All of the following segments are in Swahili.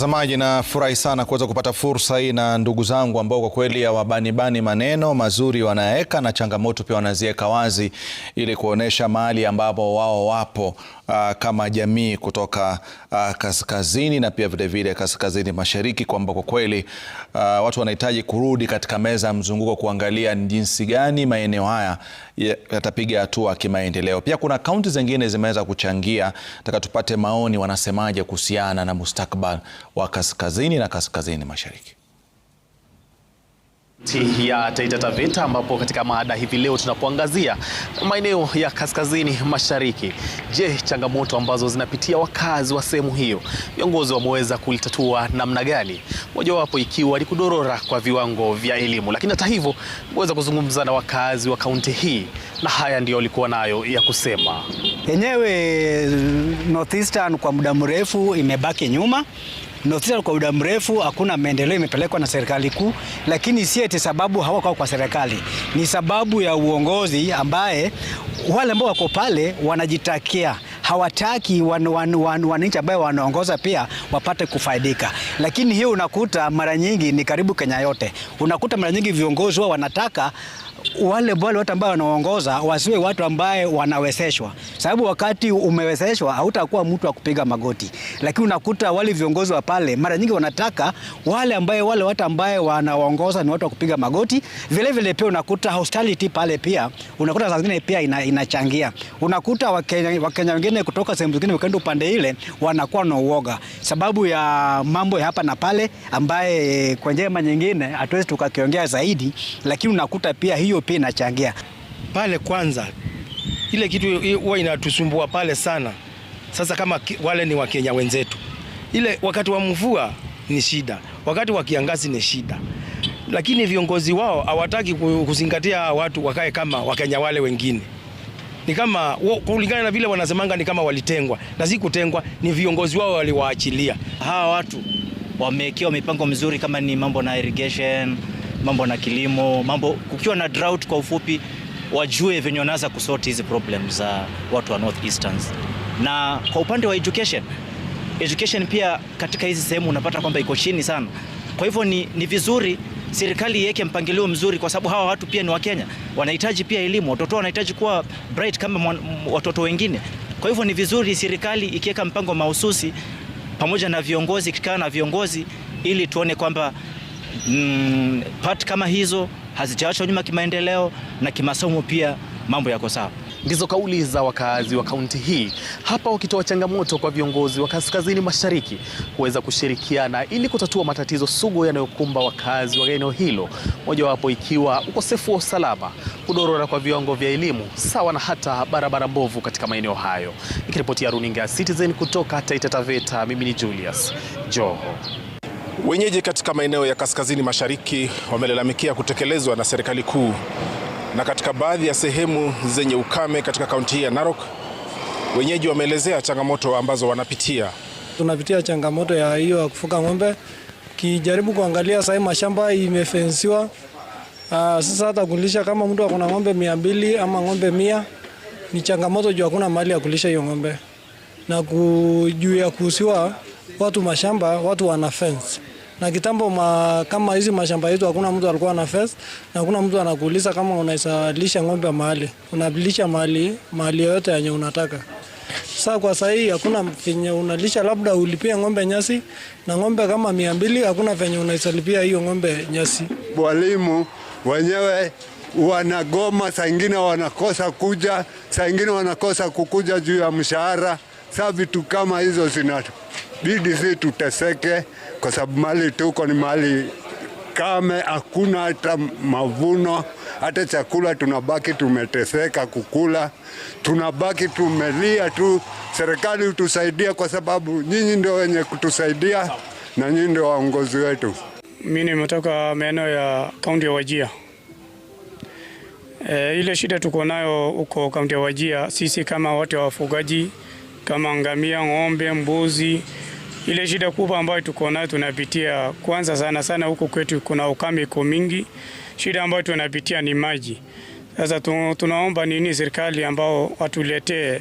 Mtazamaji, nafurahi sana kuweza kupata fursa hii na ndugu zangu ambao kwa kweli hawabanibani maneno mazuri wanaweka na changamoto pia wanaziweka wazi ili kuonyesha mahali ambapo wao wapo uh, kama jamii kutoka uh, kaskazini na pia vilevile kaskazini mashariki kwamba kwa kweli uh, watu wanahitaji kurudi katika meza ya mzunguko kuangalia ni jinsi gani maeneo haya yatapiga hatua kimaendeleo. Pia kuna kaunti zingine zimeweza kuchangia, nataka tupate maoni wanasemaje kuhusiana na mustakbal wa kaskazini na kaskazini mashariki ya Taita Taveta ambapo katika mada hivi leo tunapoangazia maeneo ya kaskazini mashariki. Je, changamoto ambazo zinapitia wakazi wa sehemu hiyo viongozi wameweza kulitatua namna gani? Mojawapo ikiwa ni kudorora kwa viwango vya elimu, lakini hata hivyo weza kuzungumza na wakazi wa kaunti hii na haya ndiyo walikuwa nayo ya kusema. Yenyewe Northeastern kwa muda mrefu imebaki nyuma notisa kwa muda mrefu hakuna maendeleo imepelekwa na serikali kuu, lakini si eti sababu hawako kwa serikali, ni sababu ya uongozi ambaye wale ambao wako pale wanajitakia hawataki wananchi wan, wan, wan, ambayo wanaongoza pia wapate kufaidika. Lakini hiyo unakuta mara nyingi ni karibu Kenya yote, unakuta mara nyingi viongozi wao wanataka wale wale watu ambao wanaongoza wasiwe watu ambaye wanawezeshwa, sababu wakati umewezeshwa hautakuwa mtu wa kupiga magoti. Lakini unakuta wale viongozi wa pale mara nyingi wanataka wale ambaye wale watu ambaye wanaongoza ni watu wa kupiga magoti. Vile vile pia unakuta hostility pale pia unakuta saa zingine pia ina, inachangia. Unakuta Wakenya, Wakenya wengine kutoka sehemu zingine wakaenda upande ile wanakuwa na uoga sababu ya mambo ya hapa na pale ambaye kwa njema nyingine hatuwezi tukakiongea zaidi, lakini unakuta pia hiyo hiyo pia inachangia pale. Kwanza ile kitu huwa inatusumbua pale sana. Sasa kama wale ni Wakenya wenzetu, ile wakati wa mvua ni shida, wakati wa kiangazi ni shida, lakini viongozi wao hawataki kuzingatia watu wakae kama Wakenya wale wengine ni kama kulingana na vile wanasemanga, ni kama walitengwa, na si kutengwa, ni viongozi wao waliwaachilia hawa watu. Wamekiwa mipango mizuri, kama ni mambo na irrigation mambo na kilimo, mambo kukiwa na drought, kwa ufupi wajue venye wanaweza kusort hizi problem za watu wa North Easterns. Na kwa upande wa education, education pia katika hizi sehemu unapata kwamba iko chini sana. Kwa hivyo ni, ni vizuri serikali iweke mpangilio mzuri, kwa sababu hawa watu pia ni Wakenya, wanahitaji pia elimu, watoto wanahitaji kuwa bright kama watoto wengine. Kwa hivyo ni vizuri serikali ikiweka mpango mahususi pamoja na viongozi, ikikaa na viongozi ili tuone kwamba mm, pati kama hizo hazijaachwa nyuma kimaendeleo na kimasomo pia mambo yako sawa. Ndizo kauli za wakaazi wa kaunti hii hapa, wakitoa changamoto kwa viongozi wa kaskazini mashariki kuweza kushirikiana ili kutatua matatizo sugu yanayokumba wakaazi wa eneo hilo, mojawapo ikiwa ukosefu wa usalama, kudorora kwa viwango vya elimu, sawa na hata barabara mbovu katika maeneo hayo. ikiripotia runinga Citizen kutoka Taita Taveta, mimi ni Julius Joho. Wenyeji katika maeneo ya kaskazini mashariki wamelalamikia kutekelezwa na serikali kuu, na katika baadhi ya sehemu zenye ukame katika kaunti hii ya Narok, wenyeji wameelezea changamoto ambazo wanapitia. Tunapitia changamoto ya hiyo ya kufuga ng'ombe, kijaribu kuangalia sahii mashamba imefensiwa. Aa, ah, sasa hata kulisha kama mtu akona ng'ombe mia mbili ama ng'ombe mia ni changamoto juu hakuna mali ya kulisha hiyo ng'ombe na juu ya kuhusiwa watu mashamba, watu wana fence na kitambo ma, kama hizi mashamba yetu hakuna mtu alikuwa na fence na hakuna mtu anakuuliza kama unaisalisha ng'ombe mahali, unalisha mahali mahali yoyote yenye unataka. Sasa kwa sasa hii hakuna venye unalisha, labda ulipie ng'ombe nyasi na ng'ombe kama mia mbili, hakuna venye unaisalipia hiyo ng'ombe nyasi. Walimu wenyewe wanagoma, saingine wanakosa kuja, saingine wanakosa kukuja juu ya mshahara. Sasa vitu kama hizo zinatu bidi si tuteseke, kwa sababu mali tuko ni mali kame, hakuna hata mavuno, hata chakula tunabaki tumeteseka kukula, tunabaki tumelia tu. Serikali utusaidia, kwa sababu nyinyi ndio wenye kutusaidia na nyinyi ndio waongozi wetu. Mimi nimetoka maeneo ya kaunti ya Wajia. E, eh, ile shida tuko nayo huko kaunti ya Wajia, sisi kama watu wa wafugaji kama ngamia, ng'ombe, mbuzi ile shida kubwa ambayo tuko nayo tunapitia, kwanza sana sana huko kwetu kuna ukame iko mingi. Shida ambayo tunapitia ni maji. Sasa tunaomba nini serikali ambao watuletee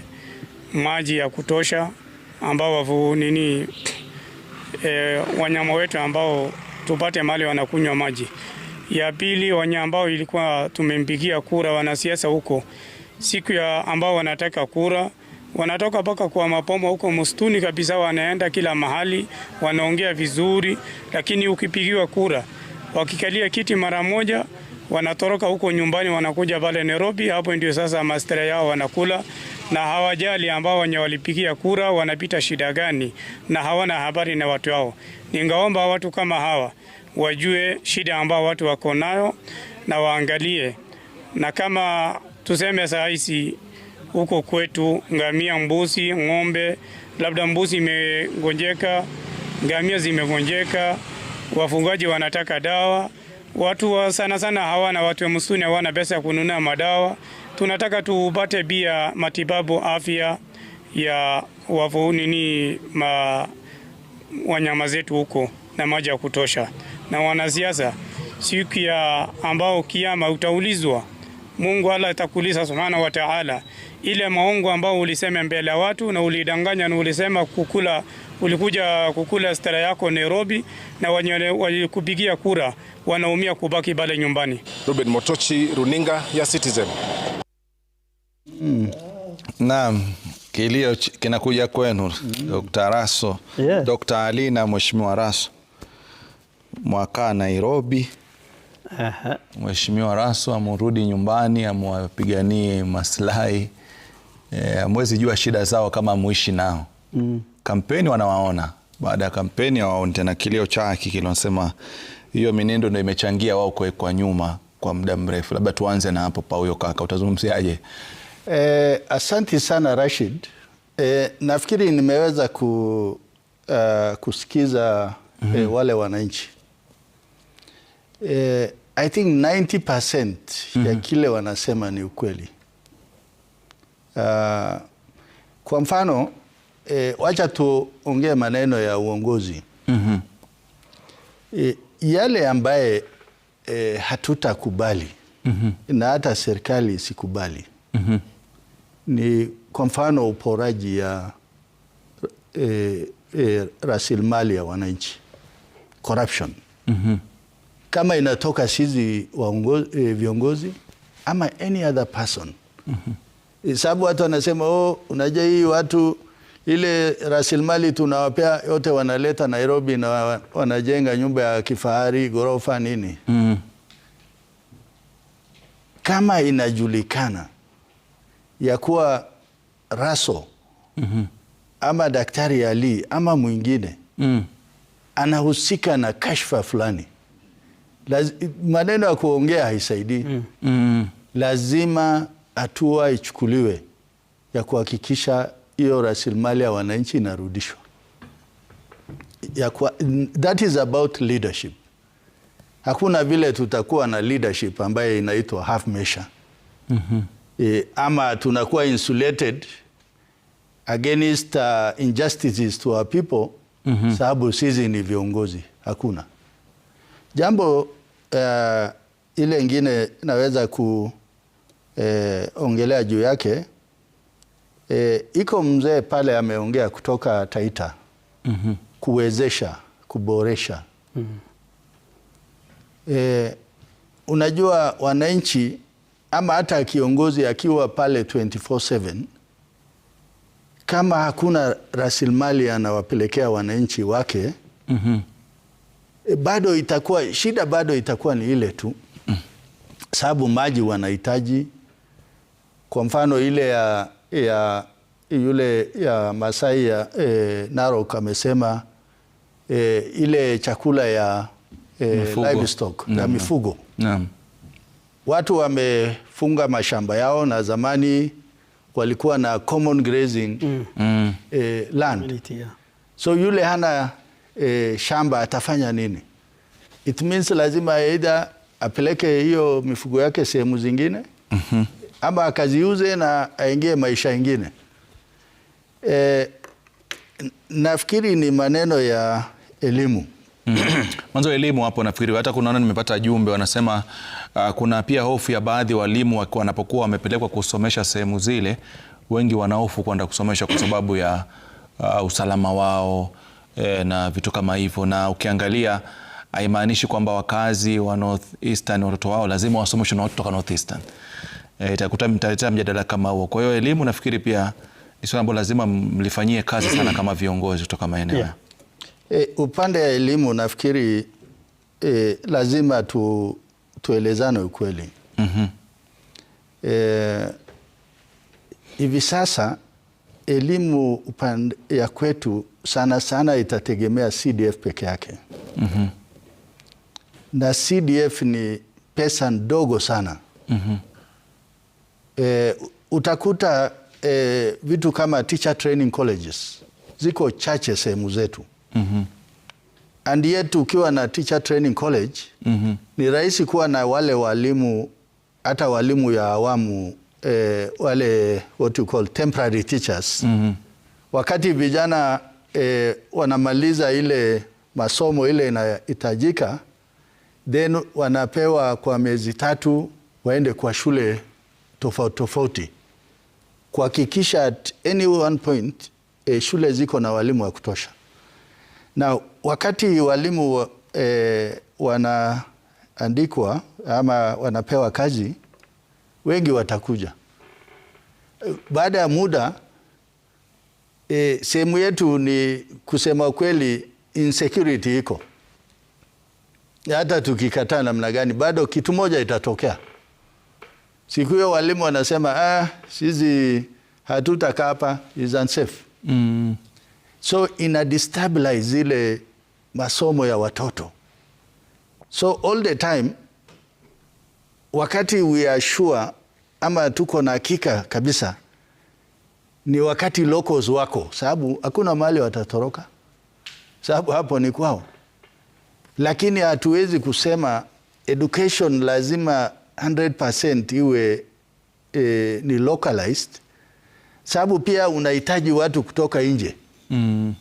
maji ya kutosha ambao wavu nini e, wanyama wetu ambao tupate mali wanakunywa maji. Ya pili, wanyama ambao ilikuwa tumempigia kura wanasiasa huko siku ya ambao wanataka kura wanatoka mpaka kwa mapomo huko mustuni kabisa, wanaenda kila mahali, wanaongea vizuri, lakini ukipigiwa kura wakikalia kiti mara moja wanatoroka huko nyumbani, wanakuja pale Nairobi. Hapo ndio sasa mastera yao wanakula, na hawajali ambao wenye walipigia kura wanapita shida gani, na hawana habari na watu wao. Ningaomba watu kama hawa wajue shida ambao watu wako nayo na waangalie, na kama tuseme saa hizi huko kwetu, ngamia, mbuzi, ng'ombe, labda mbuzi imegonjeka, ngamia zimegonjeka, wafugaji wanataka dawa. Watu wa sana sana hawana, watu wa msituni hawana pesa ya kununua madawa. Tunataka tupate bia matibabu afya ya wavu nini ma, wanyama zetu huko na maji ya kutosha. Na wanasiasa, siku ya ambao kiama utaulizwa Mungu Allah atakuliza subhanahu wa ta'ala, ile maongo ambao ulisema mbele ya watu na ulidanganya na ulisema kukula, ulikuja kukula stara yako Nairobi, na walikupigia kura wanaumia kubaki bale nyumbani. Ruben Motochi, runinga ya Citizen. Hmm. Naam, kilio kinakuja kwenu Dr. Raso yeah. Dr. Ali na Mheshimiwa Raso mwaka Nairobi Mheshimiwa Rasu amurudi nyumbani, amwapiganie maslahi e, eh, amwezi jua shida zao kama muishi nao mm. Kampeni wanawaona, baada ya kampeni hawaoni tena. Kilio chake wanasema hiyo minendo ndio imechangia wao kuwekwa nyuma kwa muda mrefu. Labda tuanze na hapo pa huyo kaka, utazungumziaje? E, eh, asanti sana Rashid. E, nafikiri nimeweza ku, uh, kusikiza mm -hmm. e, wale wananchi eh, I think 90% mm -hmm. ya mhm. kile wanasema ni ukweli. Uh, kwa mfano eh, wacha tuongee maneno ya uongozi mm -hmm. eh, yale ambaye eh, hatutakubali mm -hmm. na hata serikali isikubali mm -hmm. ni kwa mfano uporaji ya eh, eh, rasilimali ya wananchi corruption mm -hmm kama inatoka sisi e, viongozi ama any other person mm -hmm. Sababu watu wanasema oh, unajua hii watu ile rasilimali tunawapea yote wanaleta Nairobi na wanajenga nyumba ya kifahari ghorofa nini mm -hmm. Kama inajulikana ya kuwa Raso mm -hmm. ama Daktari Ali ama mwingine mm -hmm. anahusika na kashfa fulani maneno ya kuongea haisaidii mm. mm. Lazima hatua ichukuliwe ya kuhakikisha hiyo rasilimali ya wananchi inarudishwa. Ya kwa, that is about leadership. Hakuna vile tutakuwa na leadership ambayo inaitwa half measure mm -hmm. E, ama tunakuwa insulated against uh, injustices to our people mm -hmm. Sababu sisi ni viongozi. Hakuna jambo uh, ile ingine naweza kuongelea eh, juu yake uh, iko mzee pale ameongea kutoka Taita mm -hmm. kuwezesha kuboresha mm -hmm. uh, unajua wananchi ama hata kiongozi akiwa pale 24/7 kama hakuna rasilimali anawapelekea wananchi wake mm -hmm. Eh, bado itakuwa shida, bado itakuwa ni ile tu Sababu maji wanahitaji, kwa mfano ile ya, ya yule ya Masai ya e, Narok amesema e, ile chakula ya e, livestock ya mifugo Naam. Watu wamefunga mashamba yao na zamani walikuwa na common grazing Mm. E, land so yule hana e, shamba atafanya nini? It means lazima aidha apeleke hiyo mifugo yake sehemu zingine mm -hmm. ama akaziuze na aingie maisha ingine e, nafikiri ni maneno ya elimu mm-hmm. mwanzo elimu hapo, nafikiri hata kunaona, nimepata jumbe wanasema, uh, kuna pia hofu ya baadhi ya walimu wanapokuwa wamepelekwa kusomesha sehemu zile, wengi wanahofu kwenda kusomesha kwa sababu ya uh, usalama wao Eh, na vitu kama hivyo, na ukiangalia haimaanishi kwamba wakazi wa Northeastern watoto wao lazima wasomeshwe na watu kutoka Northeastern. E, eh, itakuta mtaletea mjadala kama huo. Kwa hiyo elimu nafikiri pia ni swala ambalo lazima mlifanyie kazi sana kama viongozi kutoka maeneo yeah. E, upande wa elimu nafikiri e, lazima tu, tuelezane ukweli mm -hmm. E, hivi sasa elimu upande ya kwetu sana sana itategemea CDF peke yake mm -hmm. na CDF ni pesa ndogo sana mm -hmm. E, utakuta e, vitu kama teacher training colleges ziko chache sehemu zetu mm -hmm. and yet ukiwa na teacher training college mm -hmm. ni rahisi kuwa na wale walimu hata walimu ya awamu eh, wale what you call temporary teachers mm -hmm. Wakati vijana eh, wanamaliza ile masomo ile inahitajika, then wanapewa kwa miezi tatu waende kwa shule tofauti tofauti kuhakikisha at any one point eh, shule ziko na walimu wa kutosha. Na wakati walimu eh, wanaandikwa ama wanapewa kazi wengi watakuja baada ya muda. E, sehemu yetu ni kusema kweli, insecurity iko hata tukikataa namna gani, bado kitu moja itatokea siku hiyo. Walimu wanasema ah, sisi hatutakaa hapa, is unsafe mm. So ina destabilize zile masomo ya watoto, so all the time wakati we are sure ama tuko na hakika kabisa ni wakati locals wako, sababu hakuna mahali watatoroka, sababu hapo ni kwao. Lakini hatuwezi kusema education lazima 100% iwe e, ni localized, sababu pia unahitaji watu kutoka nje mm.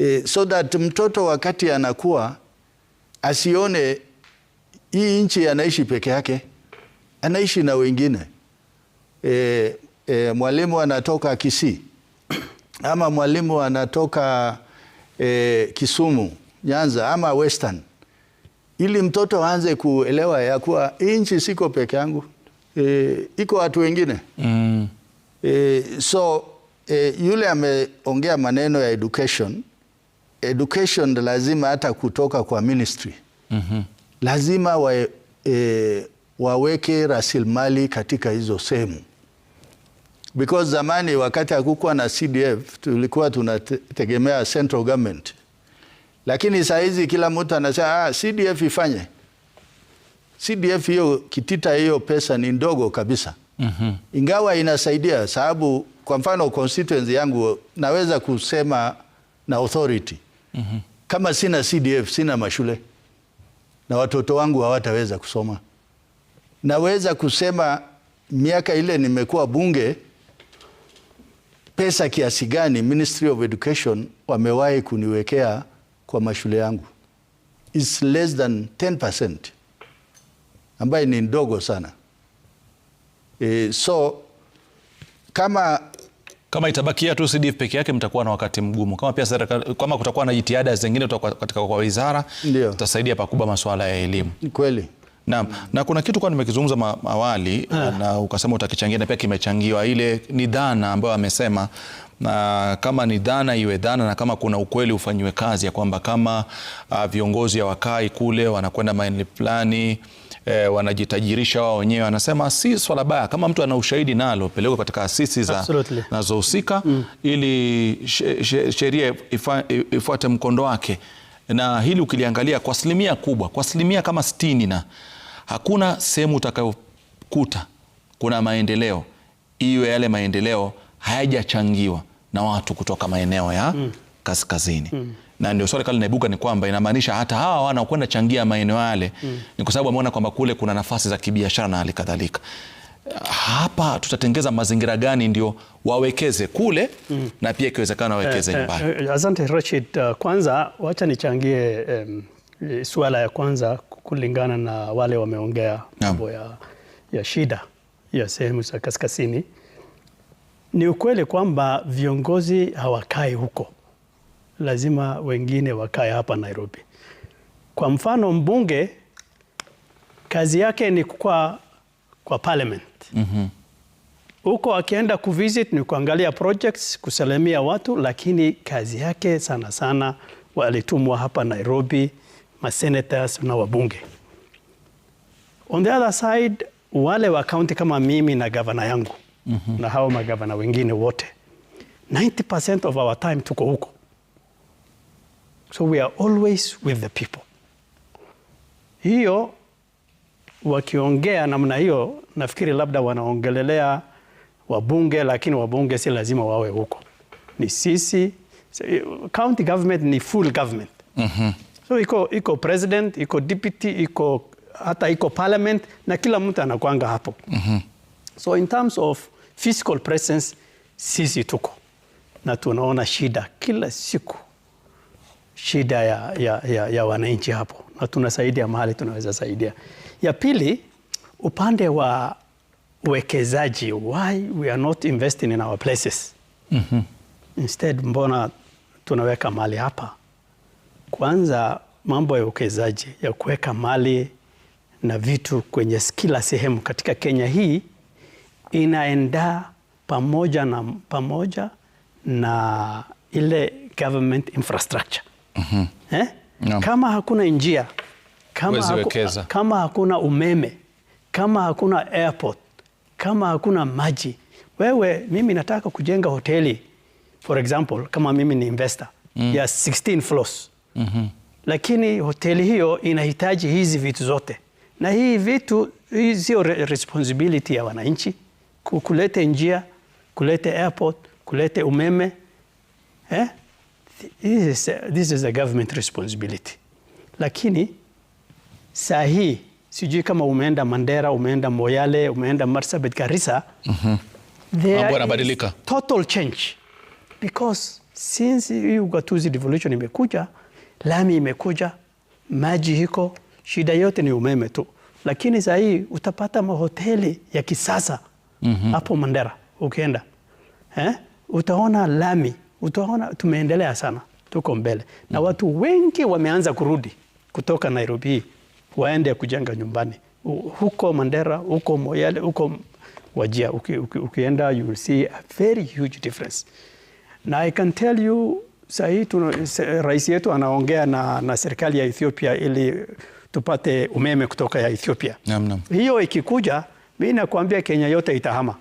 E, so that mtoto wakati anakuwa asione hii nchi anaishi peke yake, anaishi na wengine e, e, mwalimu anatoka Kisii ama mwalimu anatoka e, Kisumu, Nyanza ama Western, ili mtoto aanze kuelewa ya kuwa nchi siko peke yangu e, iko watu wengine mm. e, so e, yule ameongea maneno ya education education lazima hata kutoka kwa ministry mm -hmm. lazima wa, e, waweke rasilimali katika hizo sehemu, because zamani wakati hakukuwa na CDF tulikuwa tunategemea central government, lakini saa hizi kila mtu anasema ah, CDF ifanye. CDF hiyo kitita hiyo pesa ni ndogo kabisa. Mm -hmm. Ingawa inasaidia sababu, kwa mfano constituency yangu naweza kusema na authority mm -hmm. Kama sina CDF sina mashule na watoto wangu hawataweza kusoma naweza kusema miaka ile nimekuwa bunge, pesa kiasi gani Ministry of Education wamewahi kuniwekea kwa mashule yangu is less than 10%, ambayo ni ndogo sana e, so kama kama itabakia tu CDF peke yake mtakuwa na wakati mgumu. Kama pia kama kutakuwa na jitihada zingine kutoka katika kwa wizara, tutasaidia pakubwa masuala ya elimu kweli. Naam, na kuna kitu kwa nimekizungumza awali ha, ah. na ukasema utakichangia na pia kimechangiwa, ile ni dhana ambayo amesema na kama ni dhana iwe dhana, na kama kuna ukweli ufanyiwe kazi, ya kwamba kama a, ah, viongozi hawakai kule, wanakwenda maeneo fulani e, wanajitajirisha wao wenyewe. Anasema si swala baya, kama mtu ana ushahidi nalo pelekwe katika asisi zinazohusika mm, ili sheria ifuate mkondo wake, na hili ukiliangalia kwa asilimia kubwa, kwa asilimia kama sitini na Hakuna sehemu utakayokuta kuna maendeleo iwe yale maendeleo hayajachangiwa na watu kutoka maeneo ya mm. kaskazini mm. na ndio swali kali naibuka ni kwamba inamaanisha hata hawa wanaokwenda changia maeneo yale mm. ni kwa sababu wameona kwamba kule kuna nafasi za kibiashara na hali kadhalika. Hapa tutatengeza mazingira gani ndio wawekeze kule mm. na pia ikiwezekana wawekeze eh, eh, nyumbani? Eh, asante Rashid. Uh, kwanza wacha nichangie um... E, suala ya kwanza kulingana na wale wameongea mambo ya, ya shida ya sehemu za kaskazini, ni ukweli kwamba viongozi hawakai huko, lazima wengine wakae hapa Nairobi. Kwa mfano mbunge kazi yake ni kwa, kwa parliament mhm. huko mm -hmm. Akienda kuvisit ni kuangalia projects, kusalimia watu, lakini kazi yake sana sana walitumwa hapa Nairobi masenators na wabunge. On the other side, wale wa kaunti kama mimi na gavana yangu mm -hmm. na hao magavana wengine wote 90% of our time tuko huko, so we are always with the people. Hiyo wakiongea namna hiyo, nafikiri labda wanaongelelea wabunge, lakini wabunge si lazima wawe huko, ni sisi. County government ni full government. Mm -hmm. So iko iko president, iko deputy, iko hata iko parliament na kila mtu anakwanga hapo. mm -hmm. So in terms of physical presence sisi tuko na tunaona shida kila siku, shida ya, ya, ya, ya wananchi hapo, na tunasaidia mahali tunaweza saidia. Ya pili, upande wa uwekezaji, why we are not investing in our places. mm -hmm. Instead, mbona tunaweka mali hapa kwanza mambo ya uwekezaji ya kuweka mali na vitu kwenye kila sehemu katika Kenya hii inaenda pamoja na, pamoja na ile government infrastructure. Mm -hmm. eh? no. Kama hakuna njia kama, haku, kama hakuna umeme kama hakuna airport kama hakuna maji, wewe mimi nataka kujenga hoteli for example, kama mimi ni investor mm. ya 16 floors mm -hmm. Lakini hoteli hiyo inahitaji hizi vitu zote, na hii vitu sio responsibility ya wananchi kulete njia, kulete airport, kulete umeme eh? This is, this is a government responsibility. Lakini saa hii sijui kama umeenda Mandera, umeenda Moyale, umeenda Marsabit, Garissa mm -hmm. Total change because since ugatuzi revolution imekuja lami imekuja, maji hiko shida yote ni umeme tu. Lakini saa hii utapata mahoteli ya kisasa mhm. hapo mm -hmm. Mandera ukienda eh? Utaona lami, utaona tumeendelea sana, tuko mbele mm -hmm. na mhm. watu wengi wameanza kurudi kutoka Nairobi waende kujenga nyumbani huko Mandera, huko Moyale, huko Wajia. Uki, uki, ukienda you will see a very huge difference na I can tell you Sahii rais yetu anaongea na, na serikali ya Ethiopia ili tupate umeme kutoka ya Ethiopia. Naam, naam. Hiyo ikikuja mimi nakwambia Kenya yote itahama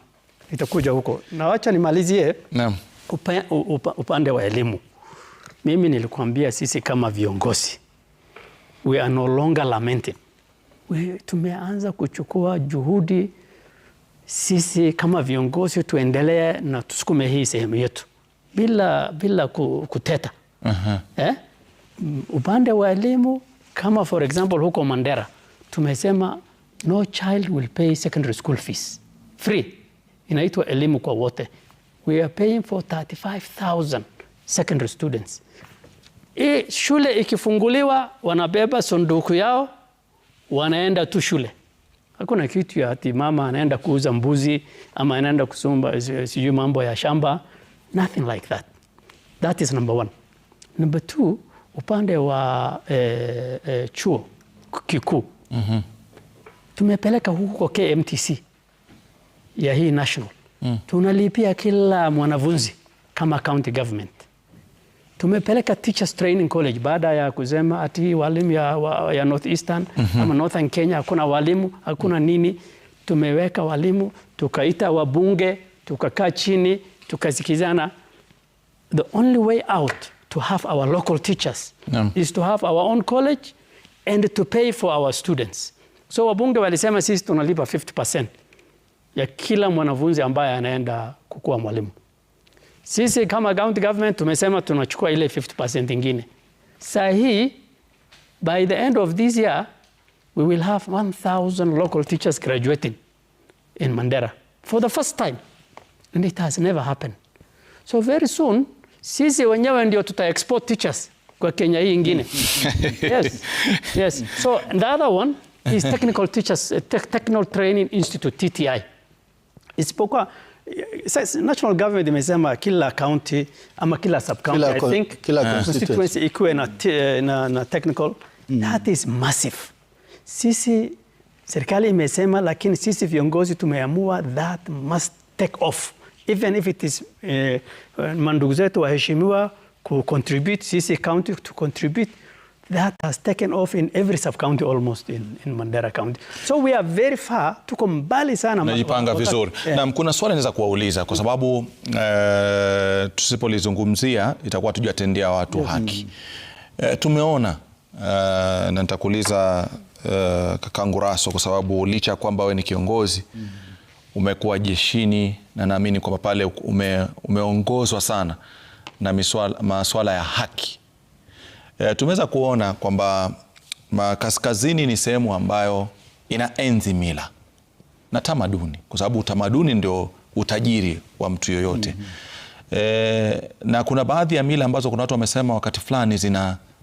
itakuja huko, na wacha nimalizie naam. Upa, upa, upande wa elimu mimi nilikwambia sisi kama viongozi we are no longer lamenting. We, tumeanza kuchukua juhudi sisi kama viongozi tuendelee na tusukume hii sehemu yetu bila, bila kuteta uh -huh. eh? Upande wa elimu kama for example huko Mandera tumesema no child will pay secondary school fees free, inaitwa elimu kwa wote. We are paying for 35,000 secondary students. I shule ikifunguliwa wanabeba sunduku yao wanaenda tu shule. Hakuna kitu ya ati mama anaenda kuuza mbuzi ama anaenda kusumba sijui mambo ya shamba Nothing like that. That is number one. Number two, upande wa eh, eh, chuo kikuu mm -hmm. Tumepeleka huko KMTC ya hii national mm. Tunalipia kila mwanafunzi kama county government. Tumepeleka Teachers Training College baada ya kusema ati walimu ya, ya North Eastern mm -hmm. ama Northern Kenya hakuna walimu hakuna nini, tumeweka walimu, tukaita wabunge, tukakaa chini tukasikizana the only way out to have our local teachers yeah. is to have our own college and to pay for our students. So wabunge walisema sisi tunalipa 50% ya kila mwanafunzi ambaye anaenda kukuwa mwalimu. Sisi kama county government tumesema tunachukua ile 50% ingine. Saa hii by the end of this year we will have 1000 local teachers graduating in Mandera for the first time and it has never happened. So very soon sisi wenyewe ndio tuta export teachers kwa Kenya hii ingine. yes. Yes. So and the other one is Technical Teachers eh, te Technical Training Institute TTI. Isipokuwa eh, eh, national government imesema kila county ama kila sub county I think kila uh, constituency ikuwe na, na, na technical mm. That is massive. Sisi serikali imesema, lakini sisi viongozi tumeamua that must take off even if it is uh, eh, eh, mandugu zetu waheshimiwa ku contribute sisi county to contribute that has taken off in every sub county almost in, in Mandera county so we are very far tuko mbali sana najipanga vizuri yeah. Na kuna swali naweza kuwauliza kwa sababu uh, tusipolizungumzia itakuwa tujatendea watu mm haki uh, tumeona uh, na nitakuuliza uh, kakangu Raso kwa sababu licha ya kwamba wewe ni kiongozi mm -hmm umekuwa jeshini na naamini kwamba pale ume, umeongozwa sana na masuala maswala ya haki. E, tumeweza kuona kwamba kaskazini ni sehemu ambayo ina enzi mila na tamaduni, kwa sababu utamaduni ndio utajiri wa mtu yoyote. mm -hmm. E, na kuna baadhi ya mila ambazo kuna watu wamesema wakati fulani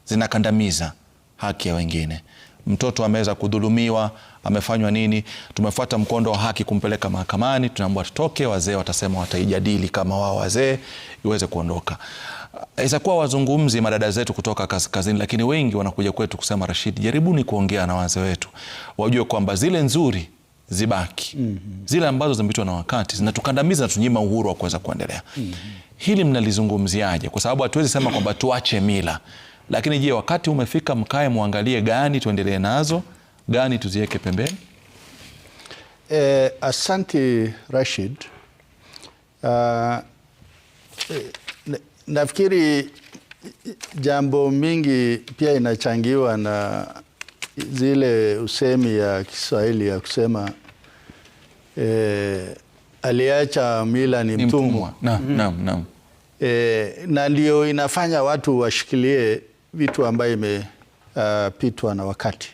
zinakandamiza zina haki ya wengine. Mtoto ameweza kudhulumiwa amefanywa nini. Tumefuata mkondo wa haki kumpeleka mahakamani, tunaambiwa tutoke, wazee watasema wataijadili kama wao wazee iweze kuondoka. kuwa wazungumzi madada zetu kutoka kaskazini, lakini wengi wanakuja kwetu kusema, Rashid, jaribuni kuongea na wazee wetu wajue kwamba zile nzuri zibaki mm -hmm. Zile ambazo zimepitwa na wakati zinatukandamiza na tunyima uhuru wa kuweza kuendelea mm -hmm. Hili mnalizungumziaje? Kwa sababu hatuwezi sema kwamba tuache mila, lakini je, wakati umefika mkae muangalie gani tuendelee nazo gani tuziweke pembeni? Eh, asante Rashid. Uh, nafikiri jambo mingi pia inachangiwa na zile usemi ya Kiswahili ya kusema eh, aliacha mila ni mtumwa. mm-hmm. na, na. Eh, na ndio inafanya watu washikilie vitu ambayo imepitwa uh, na wakati.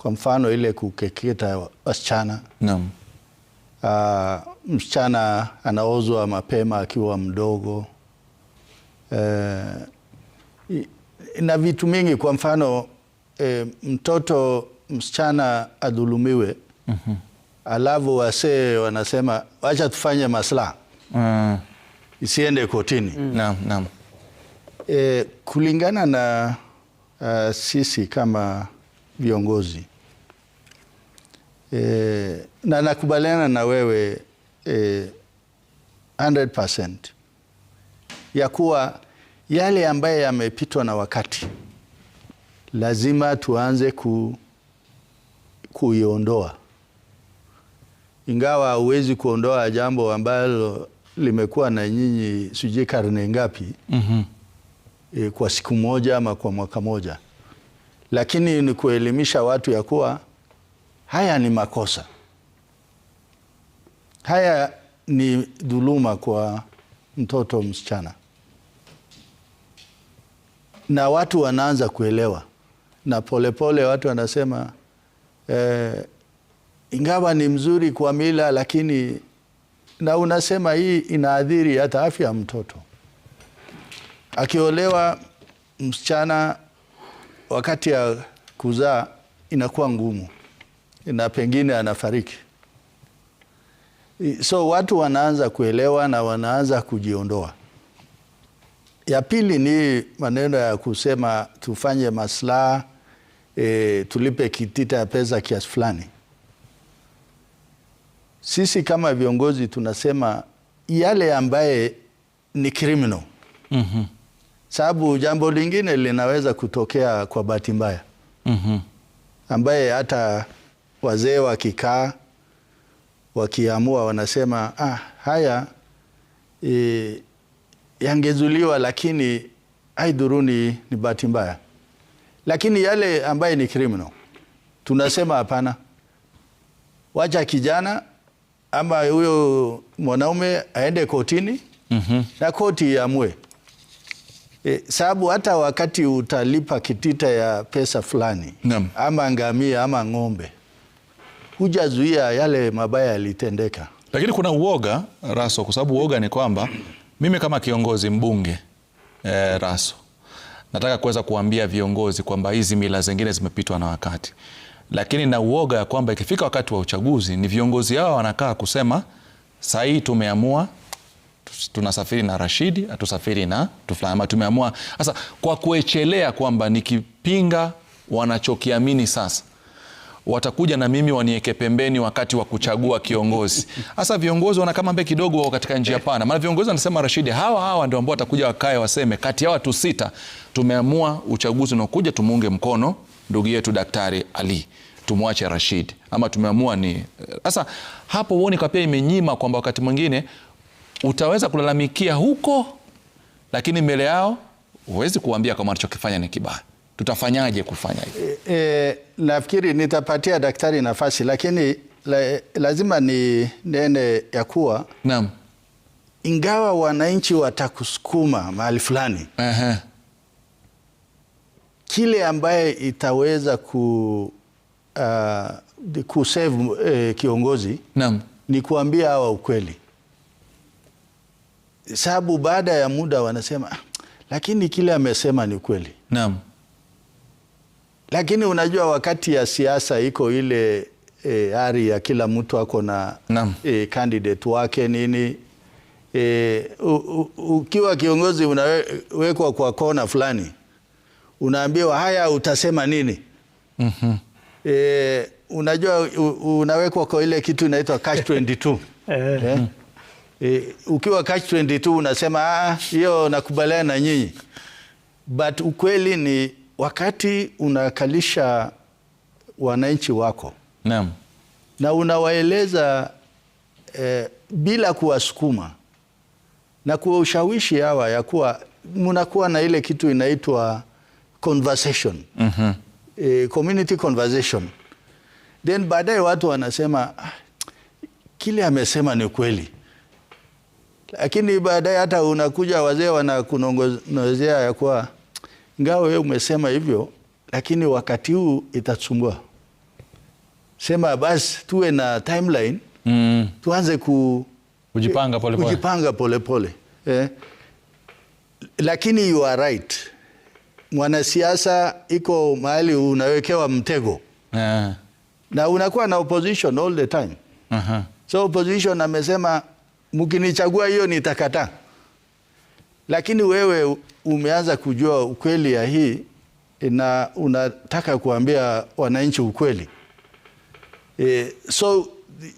Kwa mfano ile kukeketa wasichana naam. Uh, msichana anaozwa mapema akiwa mdogo uh, na vitu mingi. Kwa mfano eh, mtoto msichana adhulumiwe mm -hmm. Alafu wasee wanasema wacha tufanye maslaha ah. mm. Isiende kotini mm. Naam, naam. E, kulingana na uh, sisi kama viongozi e, na nakubaliana na wewe e, eh, 100% ya kuwa yale ambayo yamepitwa na wakati lazima tuanze ku, kuiondoa, ingawa huwezi kuondoa jambo ambalo limekuwa na nyinyi sijui karne ngapi mm -hmm. e, kwa siku moja ama kwa mwaka moja, lakini ni kuelimisha watu ya kuwa Haya ni makosa, haya ni dhuluma kwa mtoto msichana, na watu wanaanza kuelewa, na polepole pole watu wanasema eh, ingawa ni mzuri kwa mila lakini, na unasema hii inaadhiri hata afya ya mtoto akiolewa msichana wakati ya kuzaa inakuwa ngumu na pengine anafariki. So watu wanaanza kuelewa na wanaanza kujiondoa. Ya pili ni maneno ya kusema tufanye maslaha e, tulipe kitita ya pesa kiasi fulani. Sisi kama viongozi tunasema yale ambaye ni criminal mm -hmm. Sababu jambo lingine linaweza kutokea kwa bahati mbaya mm -hmm. ambaye hata wazee wakikaa wakiamua, wanasema ah, haya e, yangezuliwa, lakini haidhuruni, ni bahati mbaya. Lakini yale ambaye ni criminal tunasema hapana, wacha kijana ama huyo mwanaume aende kotini mm -hmm. na koti iamue e, sababu hata wakati utalipa kitita ya pesa fulani ama ngamia ama ng'ombe hujazuia yale mabaya yalitendeka. Lakini kuna uoga Raso, kwa sababu uoga ni kwamba mimi kama kiongozi mbunge eh, Raso nataka kuweza kuambia viongozi kwamba hizi mila zingine zimepitwa na wakati, lakini na uoga ya kwamba ikifika wakati wa uchaguzi ni viongozi hao wanakaa kusema saa hii tumeamua tunasafiri na Rashidi, hatusafiri na tufulani, ama tumeamua sasa, kwa kuechelea kwamba nikipinga wanachokiamini sasa watakuja na mimi waniweke pembeni wakati wa kuchagua kiongozi. Sasa viongozi wana kama mbe kidogo wao katika njia eh. pana, maana viongozi wanasema Rashid, hawa hawa ndio ambao watakuja wakae waseme kati ya watu sita tumeamua uchaguzi unaokuja tumuunge mkono ndugu yetu Daktari Ali tumwache Rashid ama tumeamua ni sasa. Hapo uoni kwa pia imenyima kwamba wakati mwingine utaweza kulalamikia huko, lakini mbele yao huwezi kuambia kama wanachokifanya ni kibaya tutafanyaje kufanya hivi? E, e, nafikiri nitapatia daktari nafasi, lakini la, lazima ni nene ya kuwa naam, ingawa wananchi watakusukuma mahali fulani uh -huh. kile ambaye itaweza ku uh, ah, kusave eh, kiongozi naam, ni kuambia hawa ukweli, sababu baada ya muda wanasema ah, lakini kile amesema ni ukweli. Naam. Lakini unajua wakati ya siasa iko ile e, ari ya kila mtu ako na e, candidate wake nini e, u, u, ukiwa kiongozi unawekwa kwa kona fulani, unaambiwa haya, utasema nini? mm -hmm. E, unajua u, unawekwa kwa ile kitu inaitwa catch 22 eh? E, ukiwa catch 22 unasema ah, hiyo nakubaliana na nyinyi, but ukweli ni wakati unakalisha wananchi wako Naam. na unawaeleza eh, bila kuwasukuma na kuwa ushawishi hawa ya kuwa mnakuwa na ile kitu inaitwa conversation mm -hmm. eh, community conversation then baadaye watu wanasema ah, kile amesema ni kweli, lakini baadaye hata unakuja wazee wanakunongozea ya kuwa ngao wewe umesema hivyo, lakini wakati huu itasumbua. Sema basi tuwe na timeline mm. tuanze ku, kujipanga polepole kujipanga pole pole. Eh, lakini you are right, mwanasiasa iko mahali unawekewa mtego yeah. na unakuwa na opposition all the time uh -huh. so opposition amesema mkinichagua hiyo nitakataa, lakini wewe umeanza kujua ukweli ya hii eh, na unataka kuambia wananchi ukweli e, so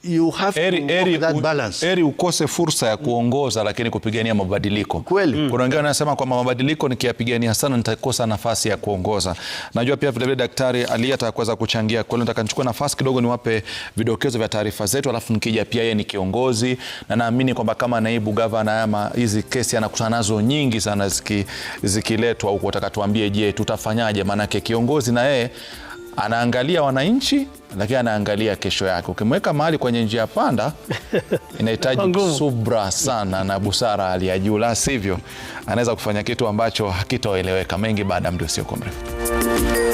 you have eri, to eri, that u, balance. Eri ukose fursa ya kuongoza lakini kupigania mabadiliko kweli. Mm. Kuna wengine wanasema kwamba mabadiliko nikiyapigania sana nitakosa nafasi ya kuongoza. Najua pia vilevile Daktari Ali ataweza kuchangia, kwa hiyo nataka nichukue nafasi kidogo niwape vidokezo vya taarifa zetu, alafu nikija pia yeye ni kiongozi na naamini kwamba kama naibu gavana ama hizi kesi anakutana nazo nyingi sana zikiletwa ziki huko, atakatuambie je, tutafanyaje? Maanake kiongozi na yeye anaangalia wananchi lakini anaangalia kesho yake. Ukimweka mahali kwenye njia panda, inahitaji subra sana na busara hali ya juu, la sivyo anaweza kufanya kitu ambacho hakitoeleweka. Mengi baada ya muda usiokuwa mrefu.